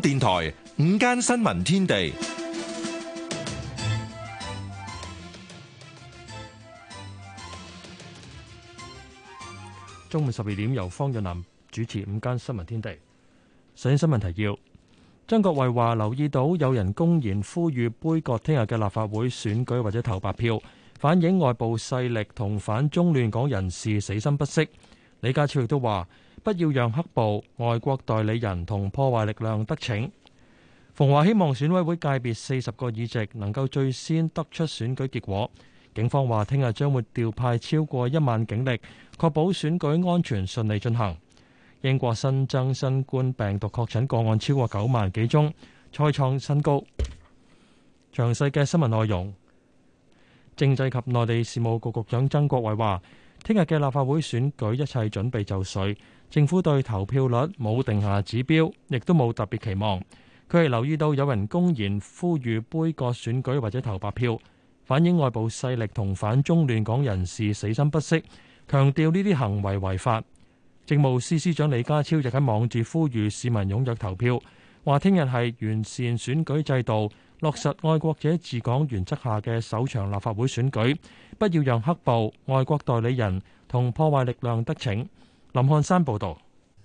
電台五間新聞天地，中午十二點由方潤南主持《五間新聞天地》。首先新聞提要：張國衛話留意到有人公然呼籲杯葛聽日嘅立法會選舉或者投白票，反映外部勢力同反中亂港人士死心不息。李家超亦都話。不要讓黑暴、外國代理人同破壞力量得逞。馮驊希望選委會界別四十個議席能夠最先得出選舉結果。警方話聽日將會調派超過一萬警力，確保選舉安全順利進行。英國新增新冠病毒確診個案超過九萬幾宗，再創新高。詳細嘅新聞內容，政制及內地事務局局長曾國衛話。聽日嘅立法會選舉一切準備就緒，政府對投票率冇定下指標，亦都冇特別期望。佢係留意到有人公然呼籲杯葛選舉或者投白票，反映外部勢力同反中亂港人士死心不息，強調呢啲行為違法。政務司司長李家超就喺網誌呼籲市民踴躍投票，話聽日係完善選舉制度。落實愛國者治港原則下嘅首場立法會選舉，不要讓黑暴、外國代理人同破壞力量得逞。林漢山報道，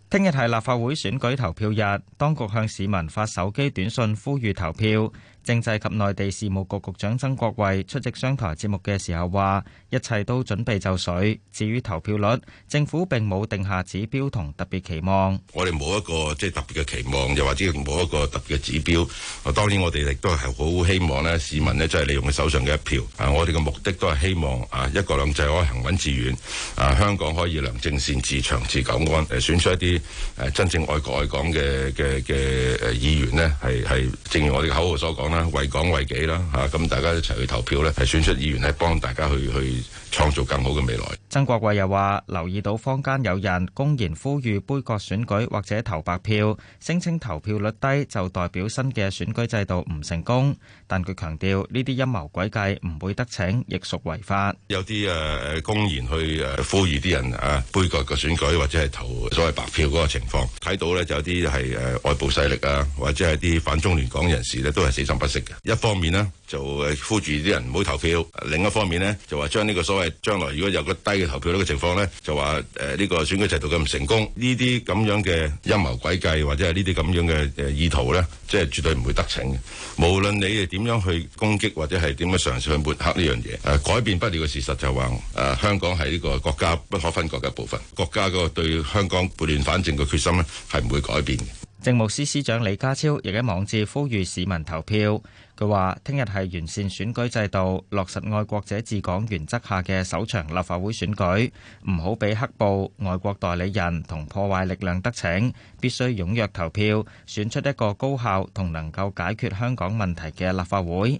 聽日係立法會選舉投票日，當局向市民發手機短信呼籲投票。政制及內地事務局局長曾國衛出席商台節目嘅時候話，一切都準備就緒。至於投票率，政府並冇定下指標同特別期望。我哋冇一個即係特別嘅期望，又或者冇一個特別嘅指標。啊，當然我哋亦都係好希望咧，市民咧就係利用佢手上嘅一票。啊，我哋嘅目的都係希望啊，一國兩制可以行穩致遠。啊，香港可以良政善治長治久安。誒，選出一啲誒真正愛國愛港嘅嘅嘅誒議員咧，係係正如我哋口號所講。為港為己啦吓，咁大家一齊去投票咧，係選出議員係幫大家去去。創造更好嘅未來。曾國衞又話：留意到坊間有人公然呼籲杯葛選舉或者投白票，聲稱投票率低就代表新嘅選舉制度唔成功。但佢強調呢啲陰謀詭計唔會得逞，亦屬違法。有啲誒公然去呼籲啲人誒杯葛個選舉或者係投所謂白票嗰個情況，睇到咧就有啲係誒外部勢力啊，或者係啲反中聯港人士咧都係死心不息嘅。一方面咧就誒呼籲啲人唔好投票，另一方面咧就話將呢個所謂將來如果有個低嘅投票率呢個情況呢，就話誒呢個選舉制度嘅唔成功，呢啲咁樣嘅陰謀詭計或者係呢啲咁樣嘅誒意圖呢，即係絕對唔會得逞嘅。無論你哋點樣去攻擊或者係點樣嘗試去抹黑呢樣嘢，誒、啊、改變不了嘅事實就話誒、啊、香港係呢個國家不可分割嘅部分，國家嗰個對香港撥亂反正嘅決心呢，係唔會改變嘅。政務司司長李家超亦喺網誌呼籲市民投票。佢話：聽日係完善選舉制度、落實愛國者治港原則下嘅首場立法會選舉，唔好俾黑暴、外國代理人同破壞力量得逞，必須踴躍投票，選出一個高效同能夠解決香港問題嘅立法會。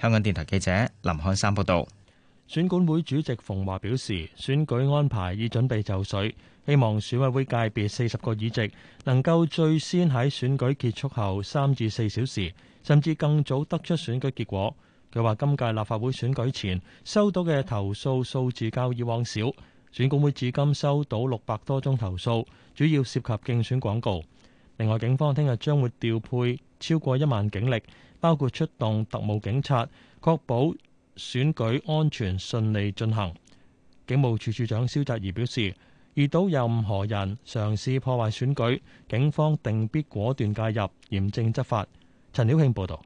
香港電台記者林漢山報道。選管會主席馮華表示，選舉安排已準備就緒。希望選委會界別四十個議席能夠最先喺選舉結束後三至四小時，甚至更早得出選舉結果。佢話，今屆立法會選舉前收到嘅投訴數字較以往少，選管會至今收到六百多宗投訴，主要涉及競選廣告。另外，警方聽日將會調配超過一萬警力，包括出動特務警察，確保選舉安全順利進行。警務處處長蕭澤頤表示，遇到任何人嘗試破壞選舉，警方定必果斷介入，嚴正執法。陳曉慶報道。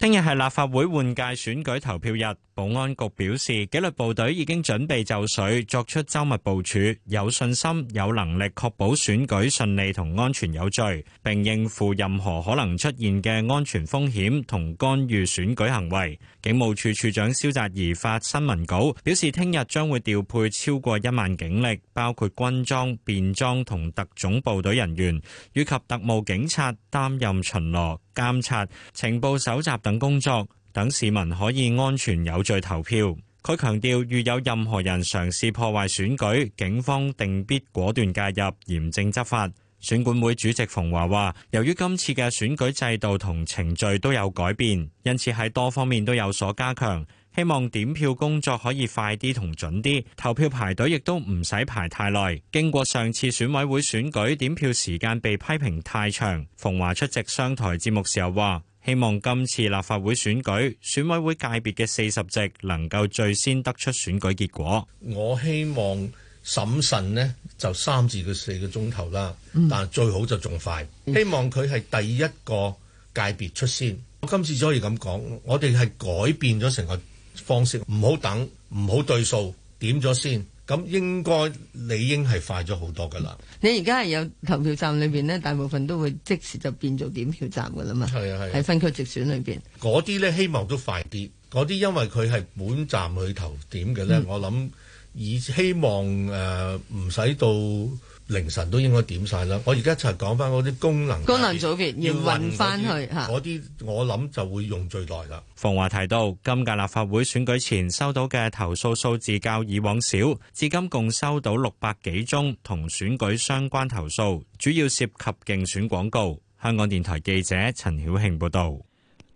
聽日係立法會換屆選舉投票日。保安局表示，紀律部隊已經準備就緒，作出周密部署，有信心、有能力確保選舉順利同安全有序，並應付任何可能出現嘅安全風險同干預選舉行為。警務處處長蕭澤頤發新聞稿表示，聽日將會調配超過一萬警力，包括軍裝、便裝同特種部隊人員，以及特務警察擔任巡邏、監察、情報搜集等工作。等市民可以安全有序投票。佢強調，如有任何人嘗試破壞選舉，警方定必果斷介入嚴正執法。選管會主席馮華話，由於今次嘅選舉制度同程序都有改變，因此喺多方面都有所加強，希望點票工作可以快啲同準啲，投票排隊亦都唔使排太耐。經過上次選委會選舉，點票時間被批評太長。馮華出席商台節目時候話。希望今次立法會選舉選委會界別嘅四十席能夠最先得出選舉結果。我希望審慎呢就三至四個鐘頭啦，但最好就仲快。希望佢係第一個界別出先。我今次可以咁講，我哋係改變咗成個方式，唔好等，唔好對數，點咗先。咁應該理應係快咗好多噶啦！你而家係有投票站裏邊咧，大部分都會即時就變做點票站噶啦嘛。係啊係，喺分區直選裏邊，嗰啲咧希望都快啲。嗰啲因為佢係本站去投點嘅咧，嗯、我諗以希望誒唔使到。凌晨都應該點曬啦！我而家一齊講翻嗰啲功能功能組別要運翻去嚇嗰啲，我諗就會用最耐啦。馮華提到，今屆立法會選舉前收到嘅投訴數字較以往少，至今共收到六百幾宗同選舉相關投訴，主要涉及競選廣告。香港電台記者陳曉慶報導。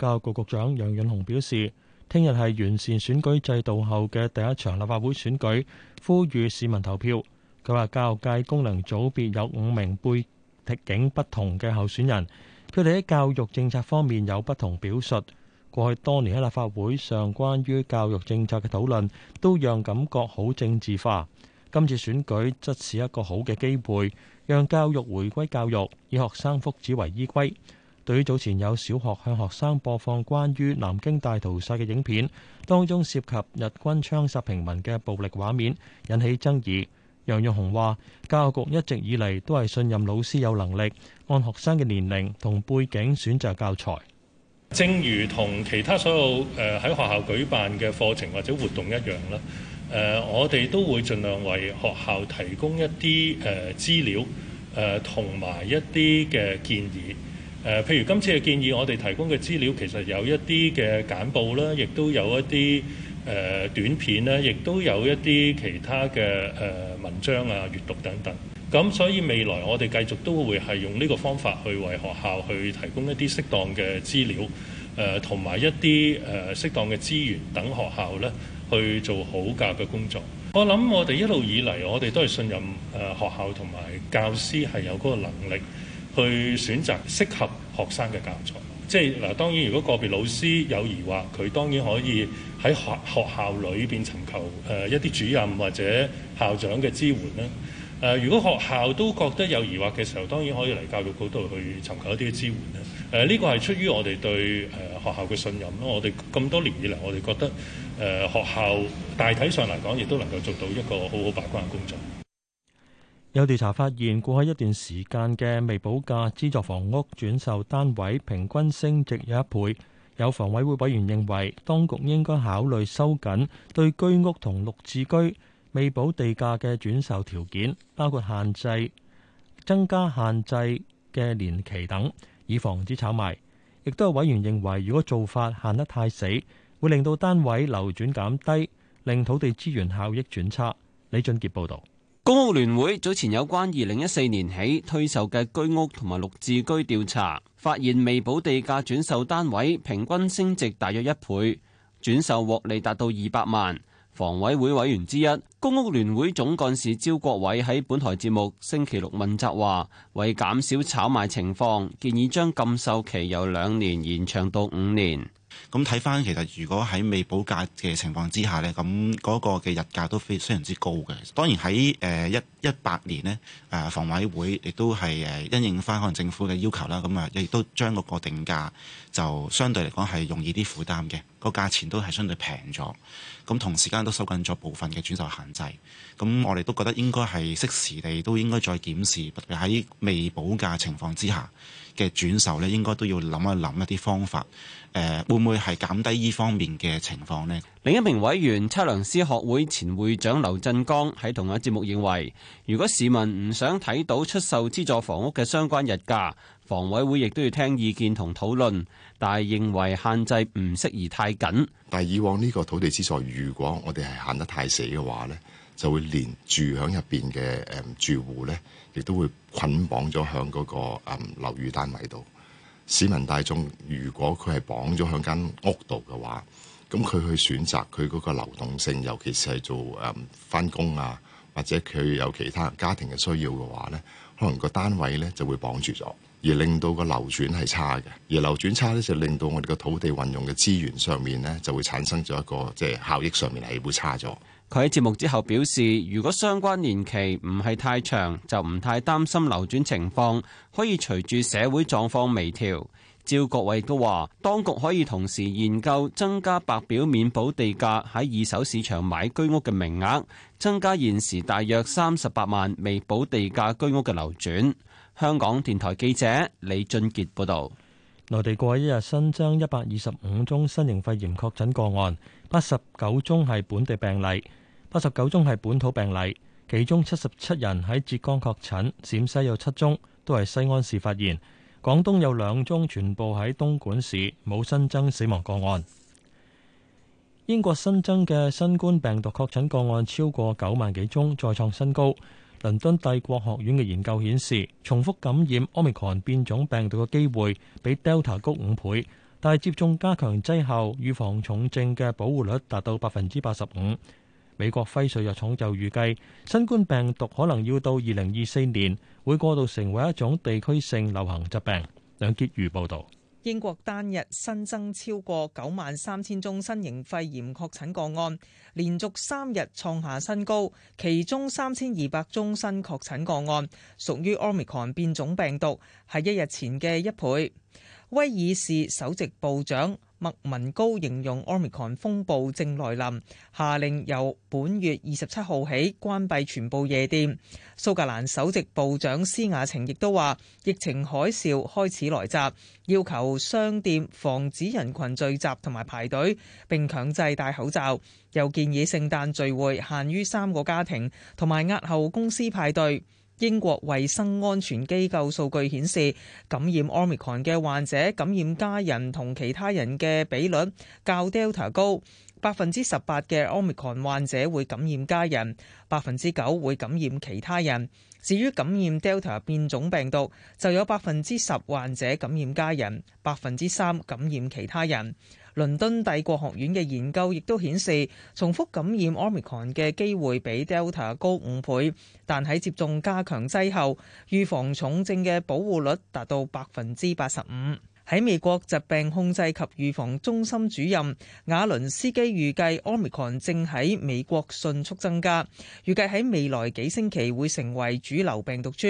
教育局局長楊潤雄表示，聽日係完善選舉制度後嘅第一場立法會選舉，呼籲市民投票。佢話：教育界功能組別有五名背景不同嘅候選人，佢哋喺教育政策方面有不同表述。過去多年喺立法會上關於教育政策嘅討論，都讓感覺好政治化。今次選舉則是一個好嘅機會，讓教育回歸教育，以學生福祉為依歸。對於早前有小學向學生播放關於南京大屠殺嘅影片，當中涉及日軍槍殺平民嘅暴力畫面，引起爭議。楊玉雄話，教育局一直以嚟都係信任老師有能力，按學生嘅年齡同背景選擇教材。正如同其他所有誒喺學校舉辦嘅課程或者活動一樣啦。誒，我哋都會盡量為學校提供一啲誒資，資料，誒同埋一啲嘅建議。誒，譬如今次嘅建議，我哋提供嘅資料其實有一啲嘅簡報啦，亦都有一啲。誒短片呢亦都有一啲其他嘅誒文章啊、閱讀等等。咁所以未來我哋繼續都會係用呢個方法去為學校去提供一啲適當嘅資料，誒同埋一啲誒適當嘅資源，等學校呢去做好教嘅工作。我諗我哋一路以嚟，我哋都係信任誒學校同埋教師係有嗰個能力去選擇適合學生嘅教材。即係嗱，當然如果個別老師有疑惑，佢當然可以喺學學校裏邊尋求誒、呃、一啲主任或者校長嘅支援啦。誒、呃，如果學校都覺得有疑惑嘅時候，當然可以嚟教育局度去尋求一啲嘅支援啦。誒、呃、呢、這個係出於我哋對誒、呃、學校嘅信任咯。我哋咁多年以嚟，我哋覺得誒、呃、學校大體上嚟講，亦都能夠做到一個好好把關嘅工作。有調查發現，過去一段時間嘅未補價資助房屋轉售單位平均升值有一倍。有房委會委員認為，當局應該考慮收緊對居屋同綠置居未補地價嘅轉售條件，包括限制、增加限制嘅年期等，以防止炒賣。亦都有委員認為，如果做法限得太死，會令到單位流轉減低，令土地資源效益轉差。李俊傑報導。公屋聯會早前有關二零一四年起推售嘅居屋同埋綠置居調查，發現未補地價轉售單位平均升值大約一倍，轉售獲利達到二百萬。房委會委員之一、公屋聯會總幹事招國偉喺本台節目星期六問責話，為減少炒賣情況，建議將禁售期由兩年延長到五年。咁睇翻其實，如果喺未補價嘅情況之下呢，咁嗰個嘅日價都非非常之高嘅。當然喺誒一一八年呢，誒房委會亦都係誒因應翻可能政府嘅要求啦，咁啊亦都將嗰個定價。就相對嚟講，係容易啲負擔嘅，個價錢都係相對平咗。咁同時間都收緊咗部分嘅轉售限制。咁我哋都覺得應該，係適時地都應該再檢視，特別喺未補價情況之下嘅轉售咧，應該都要諗一諗一啲方法。誒、呃、會唔會，係減低呢方面嘅情況咧？另一名委員測量師學會前會長劉振剛喺同一節目認為，如果市民唔想睇到出售資助房屋嘅相關日價。房委會亦都要聽意見同討論，但係認為限制唔適宜太緊。但係以往呢個土地資助，如果我哋係限得太死嘅話咧，就會連住喺入邊嘅誒住戶咧，亦都會捆綁咗喺嗰個誒樓、嗯、宇單位度。市民大眾如果佢係綁咗喺間屋度嘅話，咁佢去選擇佢嗰個流動性，尤其是係做誒翻工啊，或者佢有其他家庭嘅需要嘅話咧，可能個單位咧就會綁住咗。而令到個流轉係差嘅，而流轉差咧就令到我哋個土地運用嘅資源上面咧就會產生咗一個即係、就是、效益上面係會差咗。佢喺節目之後表示，如果相關年期唔係太長，就唔太擔心流轉情況，可以隨住社會狀況微調。趙國衛都話當局可以同時研究增加白表免補地價喺二手市場買居屋嘅名額，增加現時大約三十八萬未補地價居屋嘅流轉。香港電台記者李俊杰報道：內地過去一日新增一百二十五宗新型肺炎確診個案，八十九宗係本地病例，八十九宗係本土病例，其中七十七人喺浙江確診，陝西有七宗都係西安市發現，廣東有兩宗全部喺東莞市，冇新增死亡個案。英國新增嘅新冠病毒確診個案超過九萬幾宗，再創新高。倫敦帝國學院嘅研究顯示，重複感染奧密克戎變種病毒嘅機會比 Delta 高五倍，但係接種加強劑後，預防重症嘅保護率達到百分之八十五。美國輝瑞藥廠就預計，新冠病毒可能要到二零二四年會過渡成為一種地區性流行疾病。梁傑如報導。英國單日新增超過九萬三千宗新型肺炎確診個案，連續三日創下新高，其中三千二百宗新確診個案屬於 Omicron 變種病毒，係一日前嘅一倍。威爾士首席部長。麥文高形容 Omicron 風暴正來臨，下令由本月二十七號起關閉全部夜店。蘇格蘭首席部長施雅晴亦都話：疫情海嘯開始來襲，要求商店防止人群聚集同埋排隊，並強制戴口罩。又建議聖誕聚會限於三個家庭，同埋押後公司派對。英國衛生安全機構數據顯示，感染 Omicron 嘅患者感染家人同其他人嘅比率較 Delta 高，百分之十八嘅 Omicron 患者會感染家人，百分之九會感染其他人。至於感染 Delta 變種病毒，就有百分之十患者感染家人，百分之三感染其他人。倫敦帝國學院嘅研究亦都顯示，重複感染 Omicron 嘅機會比 Delta 高五倍，但喺接種加強劑後，預防重症嘅保護率達到百分之八十五。喺美國疾病控制及預防中心主任亞倫斯基預計，Omicron 正喺美國迅速增加，預計喺未來幾星期會成為主流病毒株。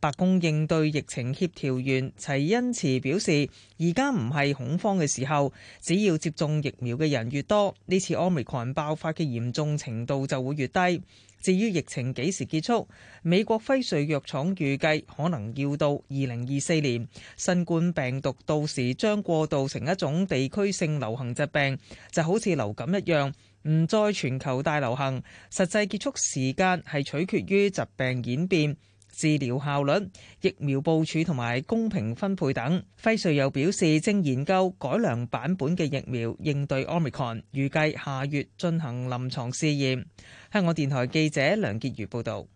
白宮應對疫情協調員齊恩慈表示，而家唔係恐慌嘅時候，只要接種疫苗嘅人越多，呢次 Omicron 爆發嘅嚴重程度就會越低。至於疫情幾時結束？美國輝瑞藥廠預計可能要到二零二四年，新冠病毒到時將過渡成一種地區性流行疾病，就好似流感一樣，唔再全球大流行。實際結束時間係取決於疾病演變。治療效率、疫苗部署同埋公平分配等。輝瑞又表示，正研究改良版本嘅疫苗應對 Omicron，預計下月進行臨床試驗。香港電台記者梁潔如報導。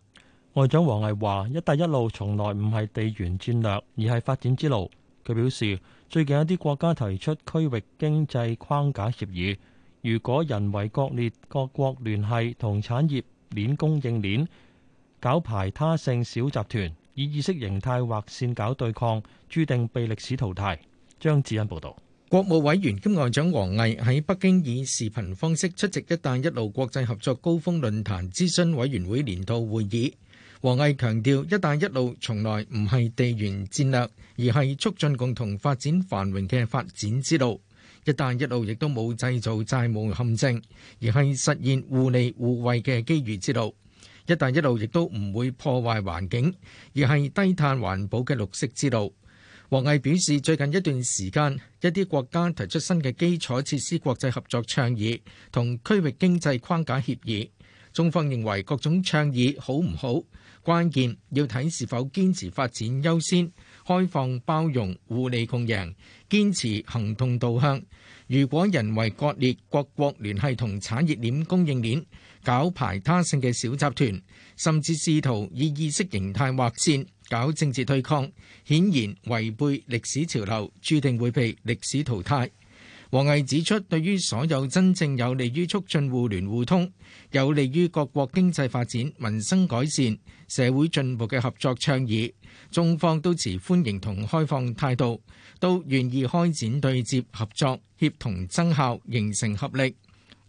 外長王毅話：一帶一路從來唔係地緣戰略，而係發展之路。佢表示，最近一啲國家提出區域經濟框架協議，如果人為割裂各國聯繫同產業鏈供應鏈。搞排他性小集團，以意識形態劃線搞對抗，註定被歷史淘汰。張志恩報導。國務委員兼外長王毅喺北京以視頻方式出席“一帶一路”國際合作高峰論壇諮詢委員會年度會議。王毅強調，“一帶一路”從來唔係地緣戰略，而係促進共同發展繁榮嘅發展之路。“一帶一路”亦都冇製造債務陷阱，而係實現互利互惠嘅機遇之路。“一帶一路”亦都唔會破壞環境，而係低碳環保嘅綠色之路。王毅表示，最近一段時間，一啲國家提出新嘅基礎設施國際合作倡議同區域經濟框架協議，中方認為各種倡議好唔好，關鍵要睇是否堅持發展優先、開放包容、互利共贏，堅持行動導向。如果人為割裂各國聯繫同產業鏈供應鏈，搞排他性嘅小集團，甚至試圖以意識形態劃線，搞政治對抗，顯然違背歷史潮流，注定會被歷史淘汰。王毅指出，對於所有真正有利於促進互聯互通，有利於各國經濟發展、民生改善、社會進步嘅合作倡議，中方都持歡迎同開放態度，都願意開展對接合作，協同增效，形成合力。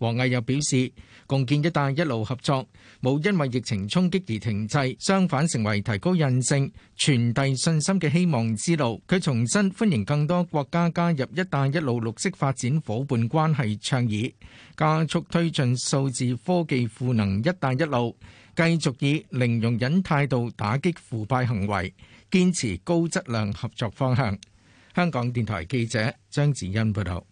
王毅又表示，共建“一帶一路”合作冇因為疫情衝擊而停滯，相反成為提高韌性、傳遞信心嘅希望之路。佢重申歡迎更多國家加入“一帶一路”綠色發展夥伴關係倡議，加速推進數字科技賦能“一帶一路”，繼續以零容忍態度打擊腐敗行為，堅持高質量合作方向。香港電台記者張子欣報導。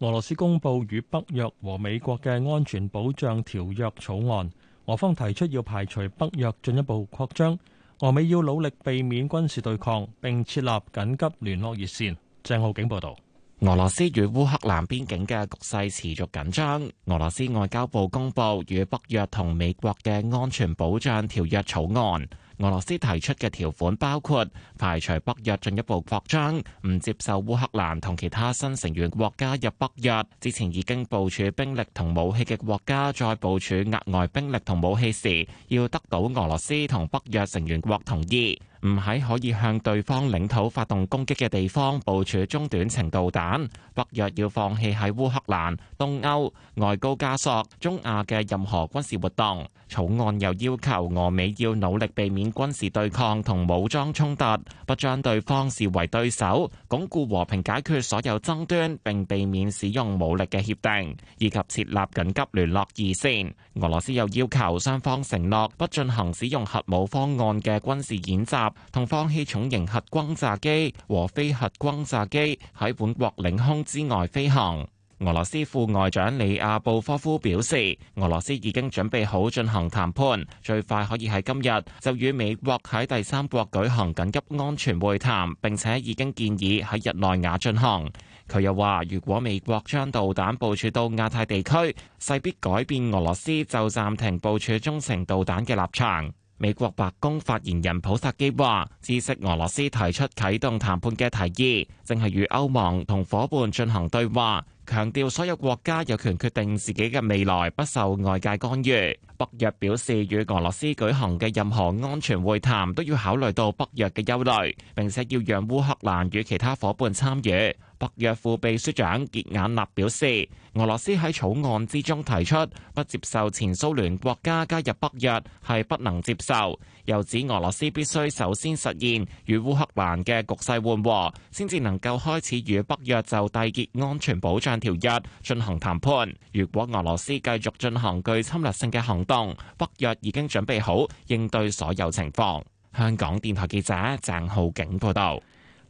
俄羅斯公布與北約和美國嘅安全保障條約草案，俄方提出要排除北約進一步擴張，俄美要努力避免軍事對抗，並設立緊急聯絡熱線。鄭浩景報道。俄羅斯與烏克蘭邊境嘅局勢持續緊張。俄羅斯外交部公布與北約同美國嘅安全保障條約草案。俄羅斯提出嘅條款包括排除北約進一步擴張，唔接受烏克蘭同其他新成員國加入北約；之前已經部署兵力同武器嘅國家，再部署額外兵力同武器時，要得到俄羅斯同北約成員國同意；唔喺可以向對方領土發動攻擊嘅地方部署中短程導彈；北約要放棄喺烏克蘭、東歐、外高加索、中亞嘅任何軍事活動。草案又要求俄美要努力避免軍事對抗同武裝衝突，不將對方視為對手，鞏固和平解決所有爭端，並避免使用武力嘅協定，以及設立緊急聯絡熱線。俄羅斯又要求雙方承諾不進行使用核武方案嘅軍事演習，同放棄重型核轟炸機和非核轟炸機喺本國領空之外飛行。俄羅斯副外長里亞布科夫表示，俄羅斯已經準備好進行談判，最快可以喺今日就與美國喺第三國舉行緊急安全會談，並且已經建議喺日內瓦進行。佢又話，如果美國將導彈部署到亞太地區，勢必改變俄羅斯就暫停部署中程導彈嘅立場。美國白宮發言人普薩基話，知悉俄羅斯提出啟動談判嘅提議，正係與歐盟同伙伴進行對話，強調所有國家有權決定自己嘅未來，不受外界干預。北約表示，與俄羅斯舉行嘅任何安全會談都要考慮到北約嘅憂慮，並且要讓烏克蘭與其他伙伴參與。北約副秘書長杰眼納表示，俄羅斯喺草案之中提出不接受前蘇聯國家加入北約係不能接受，又指俄羅斯必須首先實現與烏克蘭嘅局勢緩和，先至能夠開始與北約就締結安全保障條約進行談判。如果俄羅斯繼續進行具侵略性嘅行動，北約已經準備好應對所有情況。香港電台記者鄭浩景報道。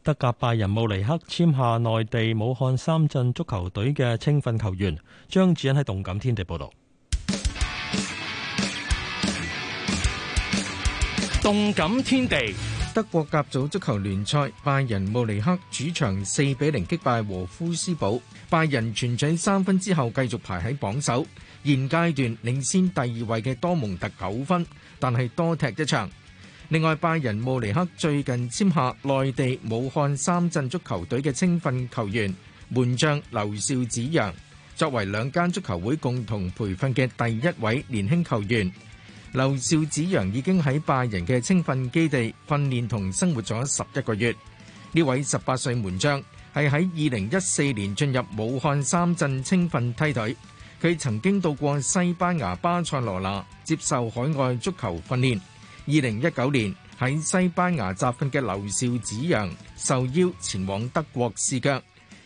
德甲拜仁慕尼黑簽下內地武漢三鎮足球隊嘅青訓球員。張志恩喺動感天地報道。動感天地，德國甲組足球聯賽，拜仁慕尼黑主場四比零擊敗和夫斯堡，拜仁全取三分之後繼續排喺榜首，現階段領先第二位嘅多蒙特九分，但係多踢一場。另外，拜仁慕尼克最近簽下內地武漢三鎮足球隊嘅青訓球員門將劉少子陽，作為兩間足球會共同培訓嘅第一位年輕球員，劉少子陽已經喺拜仁嘅青訓基地訓練同生活咗十一個月。呢位十八歲門將係喺二零一四年進入武漢三鎮青訓梯隊，佢曾經到過西班牙巴塞羅那接受海外足球訓練。二零一九年喺西班牙集訓嘅劉少子陽受邀前往德國試腳。二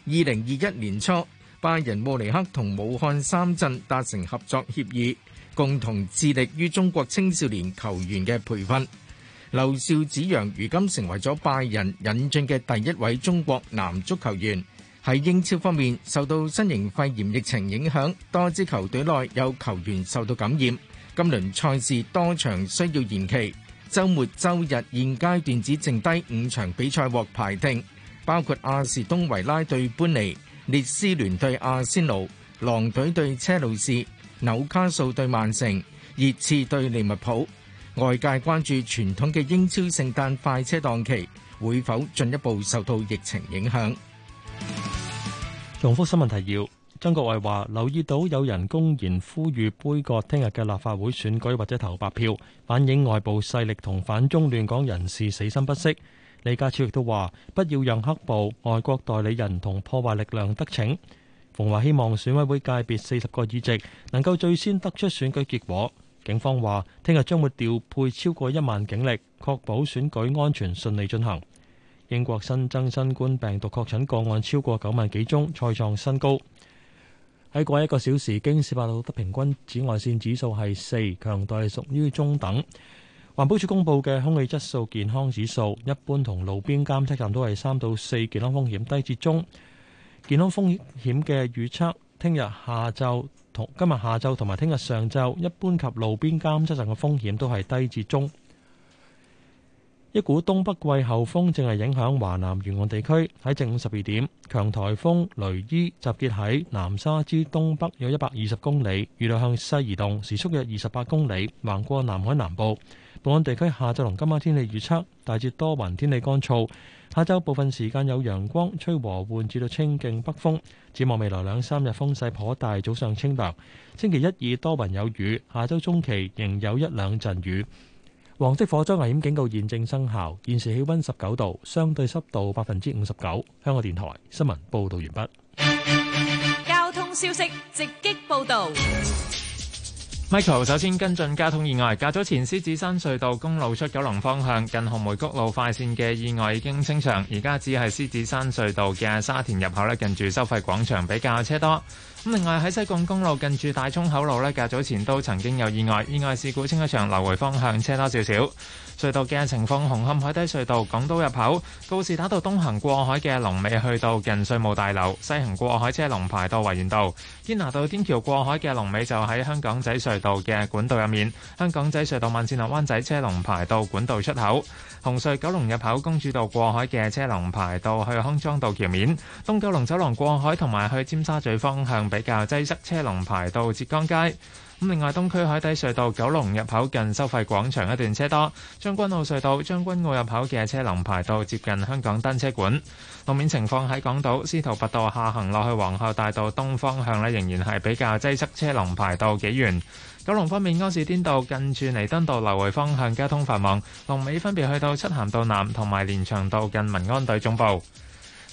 零二一年初，拜仁慕尼黑同武漢三鎮達成合作協議，共同致力於中國青少年球員嘅培訓。劉少子陽如今成為咗拜仁引進嘅第一位中國男足球員。喺英超方面，受到新型肺炎疫情影響，多支球隊內有球員受到感染。今輪賽事多場需要延期，週末週日現階段只剩低五場比賽獲排定，包括阿士東維拉對班尼、列斯聯對阿仙奴、狼隊對車路士、紐卡素對曼城、熱刺對利物浦。外界關注傳統嘅英超聖誕快車檔期會否進一步受到疫情影響。容復新聞提要。曾國衛話：留意到有人公然呼籲杯葛聽日嘅立法會選舉，或者投白票，反映外部勢力同反中亂港人士死心不息。李家超亦都話：不要讓黑暴、外國代理人同破壞力量得逞。馮華希望選委會界別四十個議席能夠最先得出選舉結果。警方話：聽日將會調配超過一萬警力，確保選舉安全順利進行。英國新增新冠病毒確診個案超過九萬幾宗，再創新高。喺過一個小時，京士柏錄得的平均紫外線指數係四，強度係屬於中等。環保署公布嘅空氣質素健康指數，一般同路邊監測站都係三到四，健康風險低至中。健康風險嘅預測，聽日下晝同今日下晝同埋聽日上晝，一般及路邊監測站嘅風險都係低至中。一股東北季候風正係影響華南沿岸地區。喺正午十二點，強颱風雷伊集結喺南沙之東北有一百二十公里，預料向西移動，時速約二十八公里，橫過南海南部。本港地區下晝同今晚天氣預測，大致多雲，天氣乾燥。下晝部分時間有陽光，吹和緩至到清勁北風。展望未來兩三日風勢頗大，早上清涼。星期一二多雲有雨，下週中期仍有一兩陣雨。黃色火災危險警告現正生效。現時氣溫十九度，相對濕度百分之五十九。香港電台新聞報道完畢。交通消息直擊報道。Michael 首先跟進交通意外。較早前獅子山隧道公路出九龍方向近紅梅谷路快綫嘅意外已經清場，而家只係獅子山隧道嘅沙田入口咧，近住收費廣場比較車多。咁另外喺西貢公路近住大涌口路呢，較早前都曾經有意外，意外事故清咗場，來回方向車多少少。隧道嘅情況：紅磡海底隧道港島入口、告士打道東行過海嘅龍尾去到近稅務大樓，西行過海車龍排到維園道。堅拿道天橋過海嘅龍尾就喺香港仔隧道嘅管道入面，香港仔隧道慢線落灣仔車龍排到管道出口。紅隧九龍入口公主道過海嘅車龍排到去康莊道橋面。東九龍走廊過海同埋去尖沙咀方向。比較擠塞，車龍排到浙江街。咁另外，東區海底隧道九龍入口近收費廣場一段車多。將軍澳隧道將軍澳入口嘅車龍排到接近香港單車館。路面情況喺港島，司徒拔道下行落去皇后大道東方向咧，仍然係比較擠塞，車龍排到幾遠。九龍方面，柯士甸道近住彌敦道來回方向交通繁忙，龍尾分別去到漆咸道南同埋連翔道近民安隊總部。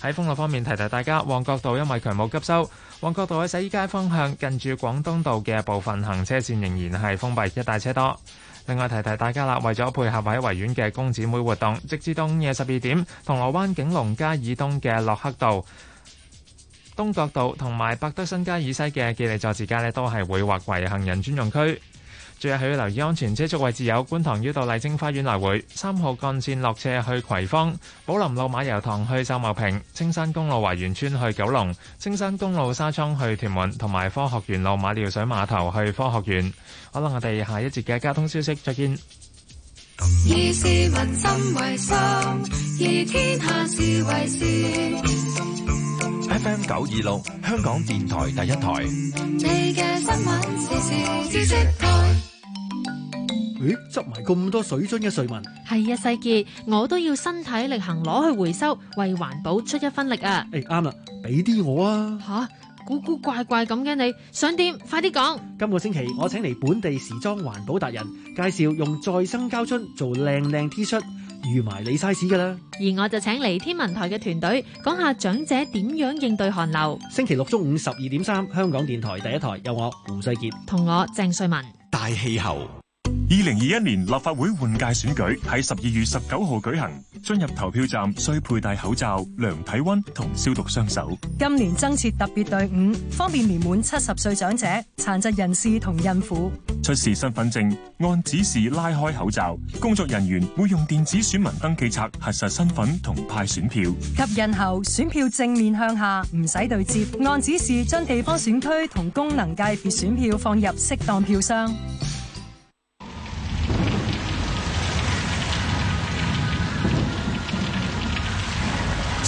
喺封路方面，提提大家，旺角道因為強暴急收，旺角道喺洗衣街方向近住廣東道嘅部分行車線仍然係封閉，一大車多。另外提提大家啦，為咗配合喺維園嘅工展會活動，直至到午夜十二點，銅鑼灣景隆街以東嘅洛克道、東角道同埋百德新街以西嘅記利佐治街呢，都係會劃為行人專用區。最後係要留意安全車速，位置有觀塘繞道麗晶花園來回，三號幹線落斜去葵芳，寶林路馬油塘去秀茂坪，青山公路華園村去九龍，青山公路沙涌去屯門，同埋科學園路馬料水碼頭去科學園。好啦，我哋下一節嘅交通消息再見。以市民心為心，以天下事為事。 FM 九二六，香港電台第一台。你嘅新聞時時知識台。誒，執埋咁多水樽嘅瑞文係啊，世杰，我都要身體力行，攞去回收，為環保出一分力啊！誒，啱啦，俾啲我啊！吓，古古怪怪咁嘅，你想點？快啲講！今個星期我請嚟本地時裝環保達人，介紹用再生膠樽做靚靚 T 恤，預埋你 size 噶啦。而我就請嚟天文台嘅團隊，講下長者點樣應對寒流。星期六中午十二點三，香港電台第一台，有我胡世杰同我鄭瑞文，大氣候。二零二一年立法會換屆選舉喺十二月十九號舉行，進入投票站需佩戴口罩、量體溫同消毒雙手。今年增設特別隊伍，方便年滿七十歲長者、殘疾人士同孕婦。出示身份證，按指示拉開口罩，工作人員會用電子選民登記冊核實身份同派選票。及印後選票正面向下，唔使對接，按指示將地方選區同功能界別選票放入適當票箱。